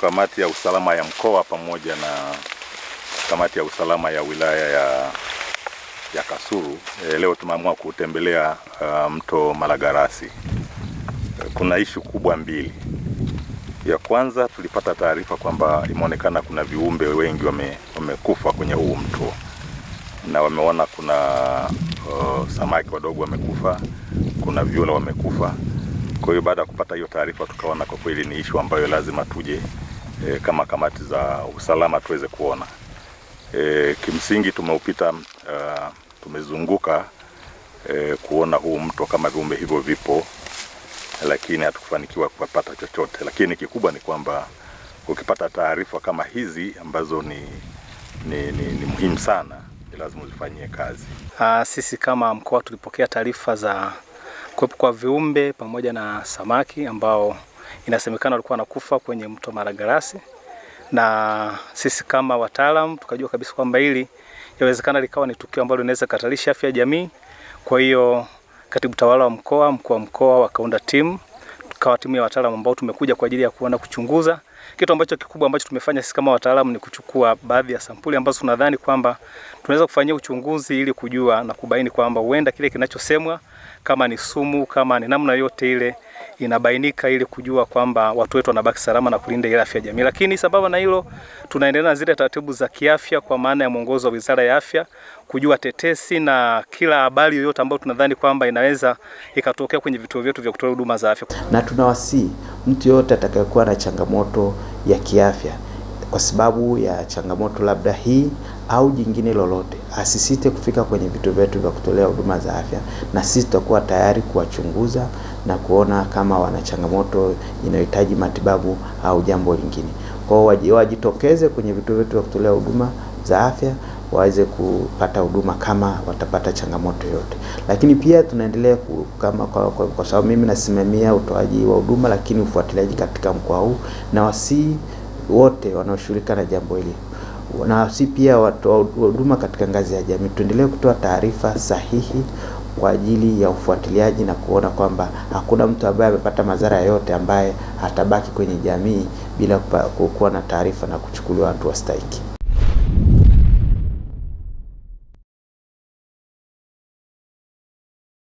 kamati ya usalama ya mkoa pamoja na kamati ya usalama ya wilaya ya, ya Kasulu e, leo tumeamua kutembelea uh, mto Malagarasi. E, kuna ishu kubwa mbili. Ya kwanza tulipata taarifa kwamba imeonekana kuna viumbe wengi wame, wamekufa kwenye huu mto na wameona kuna uh, samaki wadogo wamekufa, kuna vyula wamekufa. Kwa hiyo baada ya kupata hiyo taarifa, tukaona kwa kweli ni ishu ambayo lazima tuje e, kama kamati za usalama tuweze kuona e, kimsingi tumeupita uh, tumezunguka e, kuona huu mto kama viumbe hivyo vipo, lakini hatukufanikiwa kupata chochote. Lakini kikubwa ni kwamba ukipata taarifa kama hizi ambazo ni, ni, ni, ni muhimu sana, ni lazima uzifanyie kazi. Aa, ah, sisi kama mkoa tulipokea taarifa za kuwepo kwa viumbe pamoja na samaki ambao Inasemekana walikuwa wanakufa kwenye mto Maragarasi, na sisi kama wataalamu tukajua kabisa kwamba hili yawezekana likawa ni tukio ambalo linaweza katalisha afya ya jamii. Kwa hiyo katibu tawala wa mkoa, mkuu wa mkoa wakaunda timu, tukawa timu ya wataalamu ambao tumekuja kwa ajili ya kuona kuchunguza. Kitu ambacho kikubwa ambacho tumefanya sisi kama wataalamu ni kuchukua baadhi ya sampuli ambazo tunadhani kwamba tunaweza kufanyia uchunguzi ili kujua na kubaini kwamba huenda kile kinachosemwa kama ni sumu, kama ni namna yote ile inabainika ili kujua kwamba watu wetu wanabaki salama na kulinda ile afya ya jamii. Lakini sambamba na hilo, tunaendelea na zile taratibu za kiafya kwa maana ya mwongozo wa Wizara ya Afya kujua tetesi na kila habari yoyote ambayo tunadhani kwamba inaweza ikatokea kwenye vituo vyetu vya kutoa huduma za afya. Na tunawasii mtu yoyote atakayekuwa na changamoto ya kiafya kwa sababu ya changamoto labda hii au jingine lolote asisite kufika kwenye vituo vyetu vya kutolea huduma za afya, na sisi tutakuwa tayari kuwachunguza na kuona kama wana changamoto inayohitaji matibabu au jambo lingine. Kwa hiyo wajitokeze kwenye vituo vyetu vya kutolea huduma za afya waweze kupata huduma kama watapata changamoto yote. Lakini pia tunaendelea kama kwa, kwa, kwa sababu mimi nasimamia utoaji wa huduma lakini ufuatiliaji katika mkoa huu, na wasii wote wanaoshughulika na jambo hili na si pia watoa huduma katika ngazi ya jamii, tuendelee kutoa taarifa sahihi kwa ajili ya ufuatiliaji na kuona kwamba hakuna mtu ambaye amepata madhara yoyote ambaye hatabaki kwenye jamii bila kuwa na taarifa na kuchukuliwa hatua stahiki.